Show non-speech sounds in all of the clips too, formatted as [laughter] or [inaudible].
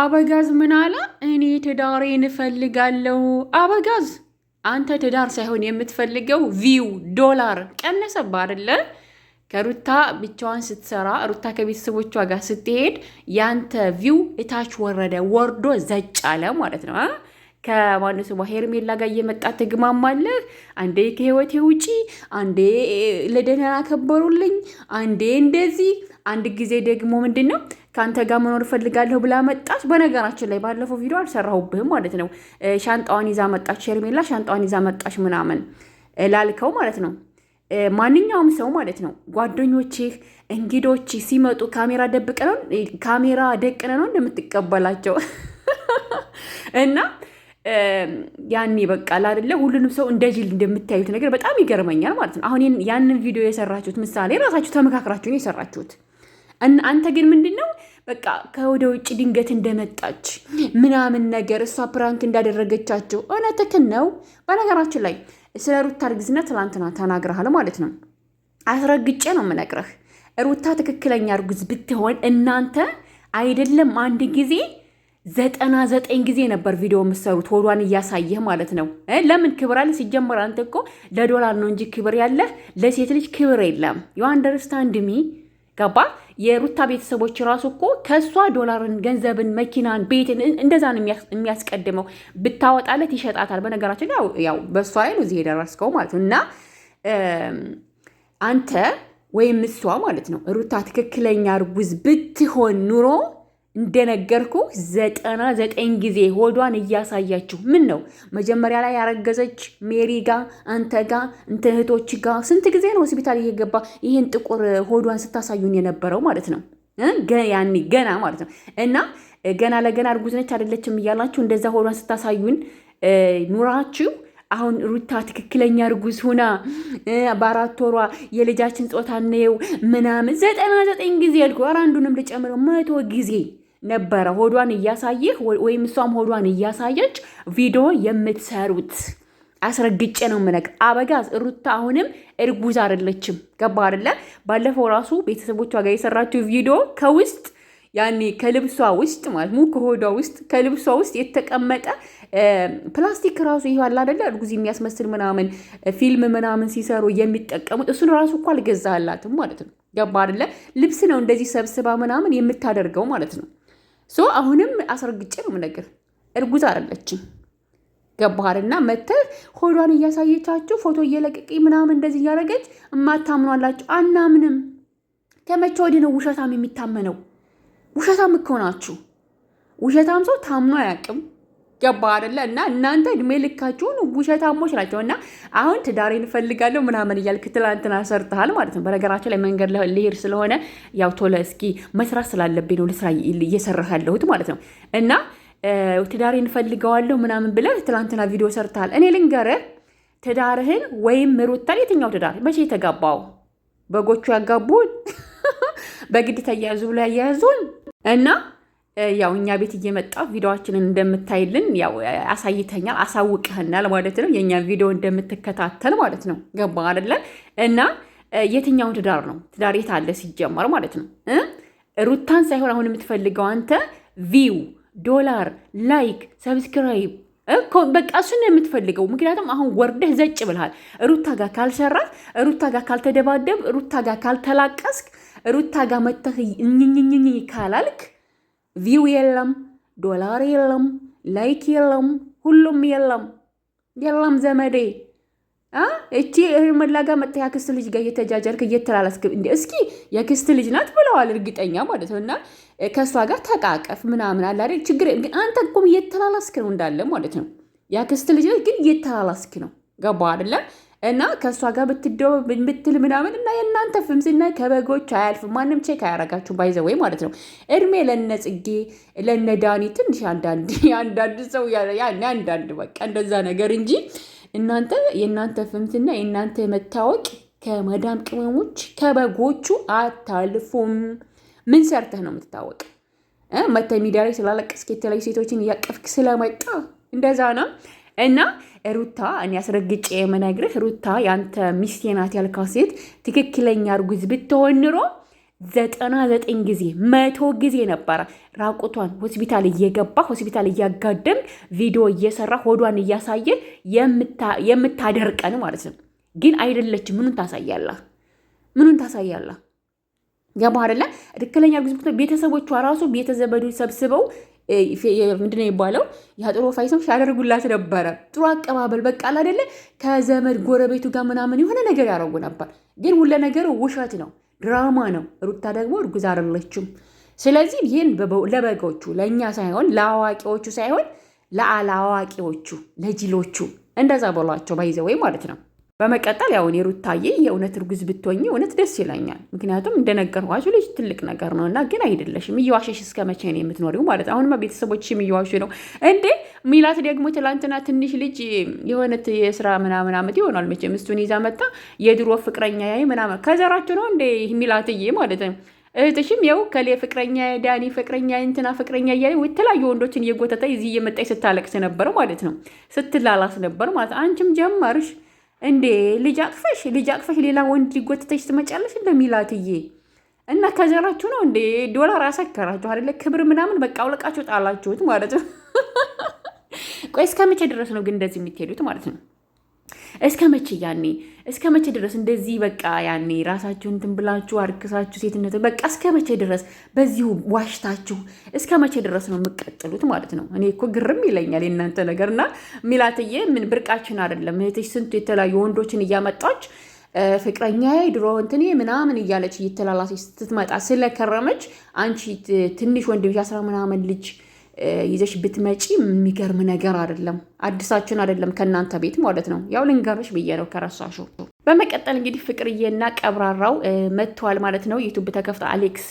አበጋዝ ምን አለ? እኔ ትዳሬን እንፈልጋለሁ። አበጋዝ አንተ ትዳር ሳይሆን የምትፈልገው ቪው ዶላር ቀነሰብ አይደለ? ከሩታ ብቻዋን ስትሰራ ሩታ ከቤተሰቦቿ ጋር ስትሄድ ያንተ ቪው እታች ወረደ፣ ወርዶ ዘጭ አለ ማለት ነው። ባሄር ሄርሜላ ጋር እየመጣ ትግማማለህ። አንዴ ከህይወቴ ውጪ፣ አንዴ ለደህና ከበሩልኝ፣ አንዴ እንደዚህ፣ አንድ ጊዜ ደግሞ ምንድን ነው ከአንተ ጋር መኖር እፈልጋለሁ ብላ መጣች። በነገራችን ላይ ባለፈው ቪዲዮ አልሰራሁብህም ማለት ነው። ሻንጣዋን ይዛ መጣች፣ ሸርሜላ ሻንጣዋን ይዛ መጣች ምናምን ላልከው ማለት ነው። ማንኛውም ሰው ማለት ነው ጓደኞችህ፣ እንግዶች ሲመጡ ካሜራ ደብቀ ነው ካሜራ ደቅነ ነው እንደምትቀበላቸው [laughs] እና ያኔ በቃ ላደለ ሁሉንም ሰው እንደ ጅል እንደምታዩት ነገር በጣም ይገርመኛል ማለት ነው። አሁን ያንን ቪዲዮ የሰራችሁት ምሳሌ ራሳችሁ ተመካክራችሁን የሰራችሁት አንተ ግን ምንድን ነው በቃ ከወደ ውጭ ድንገት እንደመጣች ምናምን ነገር እሷ ፕራንክ እንዳደረገቻቸው እውነትህን ነው። በነገራችን ላይ ስለ ሩታ እርግዝና ትላንትና ተናግረሃል ማለት ነው። አስረግጬ ነው የምነግረህ። ሩታ ትክክለኛ እርጉዝ ብትሆን እናንተ አይደለም አንድ ጊዜ ዘጠና ዘጠኝ ጊዜ ነበር ቪዲዮ የምሰሩት ሆዷን እያሳየህ ማለት ነው። ለምን ክብር አለ ሲጀመር? አንተ እኮ ለዶላር ነው እንጂ ክብር ያለህ ለሴት ልጅ ክብር የለም። ዩ አንደርስታንድ ሚ ገባ የሩታ ቤተሰቦች ራሱ እኮ ከእሷ ዶላርን፣ ገንዘብን፣ መኪናን፣ ቤትን እንደዛ ነው የሚያስቀድመው። ብታወጣለት ይሸጣታል። በነገራችን ያው በእሷ ላይ ነው እዚህ የደረስከው ማለት ነው እና አንተ ወይም እሷ ማለት ነው ሩታ ትክክለኛ እርጉዝ ብትሆን ኑሮ እንደነገርኩ ዘጠና ዘጠኝ ጊዜ ሆዷን እያሳያችሁ ምን ነው መጀመሪያ ላይ ያረገዘች ሜሪ ጋ አንተ ጋ እንተ እህቶች ጋ ስንት ጊዜ ነው ሆስፒታል እየገባ ይህን ጥቁር ሆዷን ስታሳዩን የነበረው ማለት ነው። ያኔ ገና ማለት ነው እና ገና ለገና እርጉዝ ነች አይደለችም እያላችሁ እንደዛ ሆዷን ስታሳዩን ኑራችሁ አሁን ሩታ ትክክለኛ እርጉዝ ሁና በአራት ወሯ የልጃችን ጾታ ነየው ምናምን ዘጠና ዘጠኝ ጊዜ አድጎ ኧረ አንዱንም ልጨምረው መቶ ጊዜ ነበረ ሆዷን እያሳየህ ወይም እሷም ሆዷን እያሳየች ቪዲዮ የምትሰሩት አስረግጬ ነው የምነግር። አበጋዝ ሩታ አሁንም እርጉዝ አይደለችም። ገባ አይደለ? ባለፈው ራሱ ቤተሰቦቿ ጋር የሰራችው ቪዲዮ ከውስጥ ያኔ ከልብሷ ውስጥ ማለት ነው ከሆዷ ውስጥ ከልብሷ ውስጥ የተቀመጠ ፕላስቲክ ራሱ ይህ አለ አደለ? እርጉዝ የሚያስመስል ምናምን ፊልም ምናምን ሲሰሩ የሚጠቀሙት እሱን ራሱ እኮ አልገዛላትም ማለት ነው። ገባ አደለ? ልብስ ነው እንደዚህ ሰብስባ ምናምን የምታደርገው ማለት ነው። ሶ አሁንም አስረግጬ ነው ምነግር፣ እርጉዝ አይደለችም። ገባሃልና መተህ ሆዷን እያሳየቻችሁ ፎቶ እየለቀቂ ምናምን እንደዚህ እያደረገች እማታምኗላችሁ። አናምንም። ከመቼ ወዲህ ነው ውሸታም የሚታመነው? ውሸታም እኮ ናችሁ። ውሸታም ሰው ታምኖ አያውቅም። ገባ አይደለ? እና እናንተ እድሜ ልካችሁን ውሸታሞች ናቸው። እና አሁን ትዳሬ እንፈልጋለሁ ምናምን እያልክ ትላንትና ሰርተሃል ማለት ነው። በነገራችን ላይ መንገድ ልሄድ ስለሆነ ያው ቶሎ እስኪ መስራት ስላለብኝ ነው ልስራ እየሰራህ ያለሁት ማለት ነው። እና ትዳሬ እንፈልገዋለሁ ምናምን ብለህ ትላንትና ቪዲዮ ሰርተሃል። እኔ ልንገርህ ትዳርህን ወይም ምሩታን የትኛው ትዳር መቼ የተጋባው በጎቹ ያጋቡን [laughs] በግድ ተያያዙ ብሎ ያያያዙን እና ያው እኛ ቤት እየመጣ ቪዲዮችንን እንደምታይልን ያው አሳይተኛል፣ አሳውቀህናል ማለት ነው። የእኛ ቪዲዮ እንደምትከታተል ማለት ነው። ገባ አይደለ? እና የትኛውን ትዳር ነው ትዳር የት አለ ሲጀመር ማለት ነው። ሩታን ሳይሆን አሁን የምትፈልገው አንተ ቪው፣ ዶላር፣ ላይክ፣ ሰብስክራይብ በቃ እሱን የምትፈልገው። ምክንያቱም አሁን ወርደህ ዘጭ ብልሃል። ሩታ ጋር ካልሰራት ሩታ ጋር ካልተደባደብ፣ ሩታ ጋር ካልተላቀስክ፣ ሩታ ጋር መተህ እኝኝኝኝ ካላልክ ቪው የለም፣ ዶላር የለም፣ ላይክ የለም፣ ሁሉም የለም የለም ዘመዴ እቺ እርምላ ጋር መጣ የአክስት ልጅ ጋር እየተጃጀርክ እየተላላስክ እስኪ የአክስት ልጅ ናት ብለዋል፣ እርግጠኛ ማለት ነው። እና ከእሷ ጋር ተቃቀፍ ምናምን አለ አይደል? ችግር አንተ እኮም እየተላላስክ ነው እንዳለ ማለት ነው። የአክስት ልጅ ግን እየተላላስክ ነው። ገባ አይደለም? እና ከእሷ ጋር ብትደው ብትል ምናምን እና የእናንተ ፍምስና ከበጎች አያልፍም። ማንም ቼክ አያረጋችሁ ባይዘወይ ማለት ነው። እድሜ ለነ ጽጌ ለነ ዳኒ ትንሽ አንዳንድ [laughs] አንዳንድ ሰው አንዳንድ በቃ እንደዛ ነገር እንጂ እናንተ የእናንተ ፍምስና የእናንተ መታወቅ ከመዳም ቅመሞች ከበጎቹ አታልፉም። ምን ሰርተህ ነው የምትታወቅ? መተ ሚዲያ ላይ ስላለቀስክ የተለያዩ ሴቶችን እያቀፍክ ስለመጣ እንደዛ ነው። እና ሩታ እኔ አስረግጬ የምነግርህ ሩታ የአንተ ሚስቴ ናት ያልካት ሴት ትክክለኛ እርጉዝ ብትሆን ኖሮ ዘጠና ዘጠኝ ጊዜ መቶ ጊዜ ነበረ ራቁቷን ሆስፒታል እየገባ ሆስፒታል እያጋደም ቪዲዮ እየሰራ ሆዷን እያሳየ የምታደርቀን ማለት ነው። ግን አይደለችም። ምኑን ታሳያላ? ምኑን ታሳያላ? ገባ አይደለ? ትክክለኛ እርጉዝ ቤተሰቦቿ ራሱ ቤተዘመዱ ሰብስበው ምንድነው የሚባለው የአጥሮ ፋይሰም ሲያደርጉላት ነበረ። ጥሩ አቀባበል በቃል አደለ ከዘመድ ጎረቤቱ ጋር ምናምን የሆነ ነገር ያደረጉ ነበር። ግን ሁለ ነገር ውሸት ነው፣ ድራማ ነው። ሩታ ደግሞ እርጉዝ አይደለችም። ስለዚህ ይህን ለበጎቹ ለእኛ ሳይሆን ለአዋቂዎቹ ሳይሆን ለአላዋቂዎቹ ለጅሎቹ እንደዛ በሏቸው ባይዘ ወይ ማለት ነው። በመቀጠል ያው እኔ ሩታዬ የእውነት እርጉዝ ብትሆኝ እውነት ደስ ይለኛል። ምክንያቱም እንደነገርኳችሁ ልጅ ትልቅ ነገር ነው እና ግን አይደለሽም። እየዋሸሽ እስከ መቼ ነው የምትኖሪው? ማለት አሁንማ ቤተሰቦችሽም እየዋሹ ነው እንዴ። ሚላት ደግሞ ትላንትና ትንሽ ልጅ የሆነት የስራ ምናምን አመት ይሆናል መቼም እሱን ይዛ መጣ የድሮ ፍቅረኛ ያይ ምናምን ከዘራችሁ ነው እንደ ሚላትዬ ማለት ነው። እህትሽም ያው ከሌ ፍቅረኛ ዳኒ ፍቅረኛ እንትና ፍቅረኛ እያለ የተለያዩ ወንዶችን እየጎተተ እዚህ እየመጣች ስታለቅስ ነበር ማለት ነው። ስትላላስ ነበር ማለት አንቺም ጀመርሽ። እንዴ ልጅ አቅፈሽ ልጅ አቅፈሽ ሌላ ወንድ ሊጎትተሽ ትመጫለሽ እንደሚላትዬ እና ከዘራችሁ ነው እንዴ ዶላር አሰከራችሁ አይደለ? ክብር ምናምን በቃ አውለቃችሁ ጣላችሁት ማለት ነው። ቆይ እስከ መቼ ድረስ ነው ግን እንደዚህ የምትሄዱት ማለት ነው? እስከ መቼ ያኔ እስከ መቼ ድረስ እንደዚህ በቃ ያኔ ራሳችሁን እንትን ብላችሁ አርክሳችሁ ሴትነት በቃ እስከ መቼ ድረስ በዚሁ ዋሽታችሁ እስከ መቼ ድረስ ነው የምቀጥሉት ማለት ነው። እኔ እኮ ግርም ይለኛል የእናንተ ነገር እና ሚላትዬ፣ ምን ብርቃችን አይደለም እህትሽ ስንቱ የተለያዩ ወንዶችን እያመጣች ፍቅረኛ ድሮ እንትኔ ምናምን እያለች እየተላላሴ ስትመጣ ስለከረመች አንቺ ትንሽ ወንድ አስራ ምናምን ልጅ ይዘሽ ብትመጪ የሚገርም ነገር አይደለም። አዲሳችን አይደለም ከእናንተ ቤት ማለት ነው። ያው ልንገርሽ ብዬ ነው ከረሳሹ። በመቀጠል እንግዲህ ፍቅርዬና ቀብራራው መጥተዋል ማለት ነው። ዩቱብ ተከፍቶ አሌክስ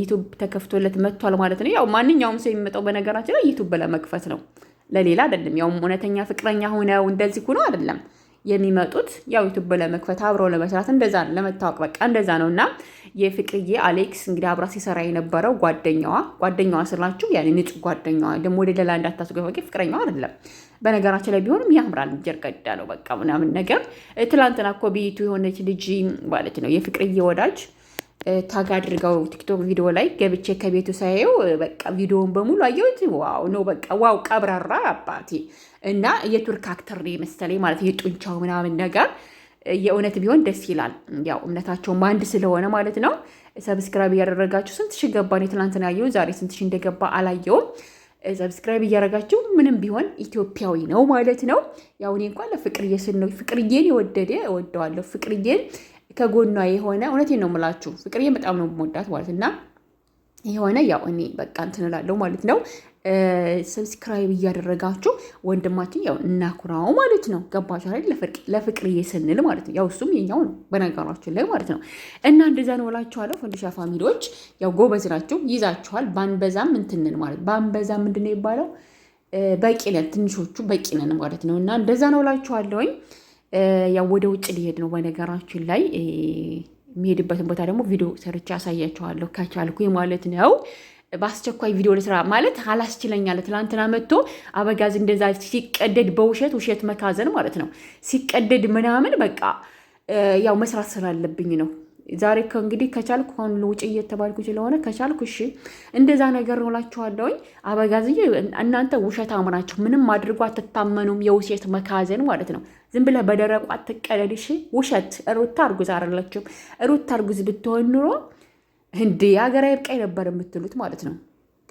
ዩቱብ ተከፍቶለት መጥቷል ማለት ነው። ያው ማንኛውም ሰው የሚመጣው በነገራችን ላይ ዩቱብ ለመክፈት ነው፣ ለሌላ አይደለም። ያውም እውነተኛ ፍቅረኛ ሆነው እንደዚህ ሆኖ አይደለም የሚመጡት ያው ዩቱብ ለመክፈት አብሮ ለመስራት እንደዛ ነው፣ ለመታወቅ በቃ እንደዛ ነው። እና የፍቅርዬ አሌክስ እንግዲህ አብራ ሲሰራ የነበረው ጓደኛዋ ጓደኛዋ ስላችሁ ያኔ ንጹህ ጓደኛዋ ደግሞ ወደ ሌላ እንዳታስገፈቂ ፍቅረኛዋ አይደለም። በነገራችን ላይ ቢሆንም ያምራል፣ ጀርቀዳ ነው በቃ ምናምን ነገር። ትላንትና እኮ ቤቱ የሆነች ልጅ ማለት ነው የፍቅርዬ ወዳጅ ታግ አድርገው ቲክቶክ ቪዲዮ ላይ ገብቼ ከቤቱ ሳየው በቃ ቪዲዮውን በሙሉ አየሁት። ዋው ነው በቃ ዋው ቀብራራ አባቴ እና የቱርክ አክተር የመሰለኝ ማለት የጡንቻው ምናምን ነገር የእውነት ቢሆን ደስ ይላል። ያው እምነታቸውም አንድ ስለሆነ ማለት ነው። ሰብስክራይብ እያደረጋችሁ ስንት ገባ ነው የትናንትና አየሁ፣ ዛሬ ስንት ሺህ እንደገባ አላየውም። ሰብስክራይብ እያደረጋችሁ ምንም ቢሆን ኢትዮጵያዊ ነው ማለት ነው። ያው እኔ እንኳን ለፍቅርዬ ስል ነው ፍቅርዬን የወደደ እወደዋለሁ። ፍቅርዬን ከጎኗ የሆነ እውነቴን ነው የምላችሁ ፍቅርዬን በጣም ነው የምወዳት ማለት እና የሆነ ያው እኔ በቃ እንትን እላለሁ ማለት ነው። ሰብስክራይብ እያደረጋችሁ ወንድማችን ያው እናኩራው ማለት ነው። ገባችሁ አይደል? ለፍቅርዬ ስንል ማለት ነው። ያው እሱም የኛው ነው በነገራችን ላይ ማለት ነው። እና እንደዛ ነው እላችኋለሁ። ፈንዲሻ ፋሚሊዎች ያው ጎበዝ ናችሁ፣ ይዛችኋል። ባንበዛም እንትንን ማለት ባንበዛም ምንድን ነው ይባለው በቂ ነን፣ ትንሾቹ በቂ ነን ማለት ነው። እና እንደዛ ነው እላችኋለሁኝ። ያው ወደ ውጭ ሊሄድ ነው። በነገራችን ላይ የሚሄድበትን ቦታ ደግሞ ቪዲዮ ሰርቼ ያሳያችኋለሁ ከቻልኩኝ ማለት ነው። በአስቸኳይ ቪዲዮ ልስራ ማለት አላስችለኛለ። ትላንትና መጥቶ አበጋዝ እንደዛ ሲቀደድ በውሸት ውሸት መካዘን ማለት ነው ሲቀደድ ምናምን በቃ ያው መስራት ስላለብኝ ነው ዛሬ እንግዲህ ከቻልኩ ከአሁን ለውጭ እየተባልኩ ስለሆነ ከቻልኩ እሺ፣ እንደዛ ነገር ነው እላችኋለሁኝ። አበጋዝዬ እናንተ ውሸታም ናችሁ። ምንም አድርጎ አትታመኑም። የውሴት መካዘን ማለት ነው። ዝም ብለህ በደረቁ አትቀለድ። እሺ፣ ውሸት ሩታ እርጉዝ አይደለችም። ሩታ እርጉዝ ብትሆን ኑሮ እንዲ የሀገራዊ አይብቃይ ነበር የምትሉት ማለት ነው።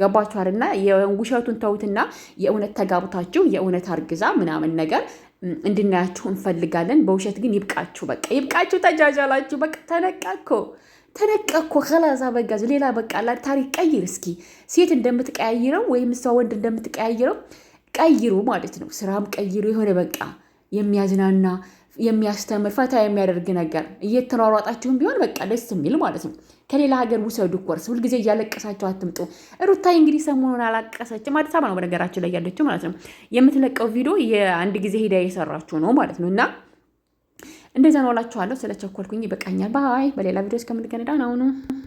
ገባችኋልና የውሸቱን ተውትና የእውነት ተጋብታችሁ የእውነት አርግዛ ምናምን ነገር እንድናያችሁ እንፈልጋለን። በውሸት ግን ይብቃችሁ፣ በቃ ይብቃችሁ። ተጃጃላችሁ፣ በቃ ተነቀኮ ተነቀኮ ከላዛ በጋዝ ሌላ በቃ ታሪክ ቀይር እስኪ ሴት እንደምትቀያይረው ወይም እሷ ወንድ እንደምትቀያይረው ቀይሩ ማለት ነው። ስራም ቀይሩ፣ የሆነ በቃ የሚያዝናና የሚያስተምር ፈታ የሚያደርግ ነገር እየተሯሯጣችሁም ቢሆን በቃ ደስ የሚል ማለት ነው። ከሌላ ሀገር ውሰዱ ኮርስ። ሁልጊዜ እያለቀሳችሁ አትምጡ። ሩታ እንግዲህ ሰሞኑን አላቀሰችም። አዲስ አበባ ነው በነገራችን ላይ ያለችው ማለት ነው። የምትለቀው ቪዲዮ የአንድ ጊዜ ሄዳ የሰራችሁ ነው ማለት ነው እና እንደዛ ነው እላችኋለሁ። ስለ ቸኮልኩኝ ይበቃኛል። ባይ። በሌላ ቪዲዮ እስከምንገናኝ ደህና ሁኑ።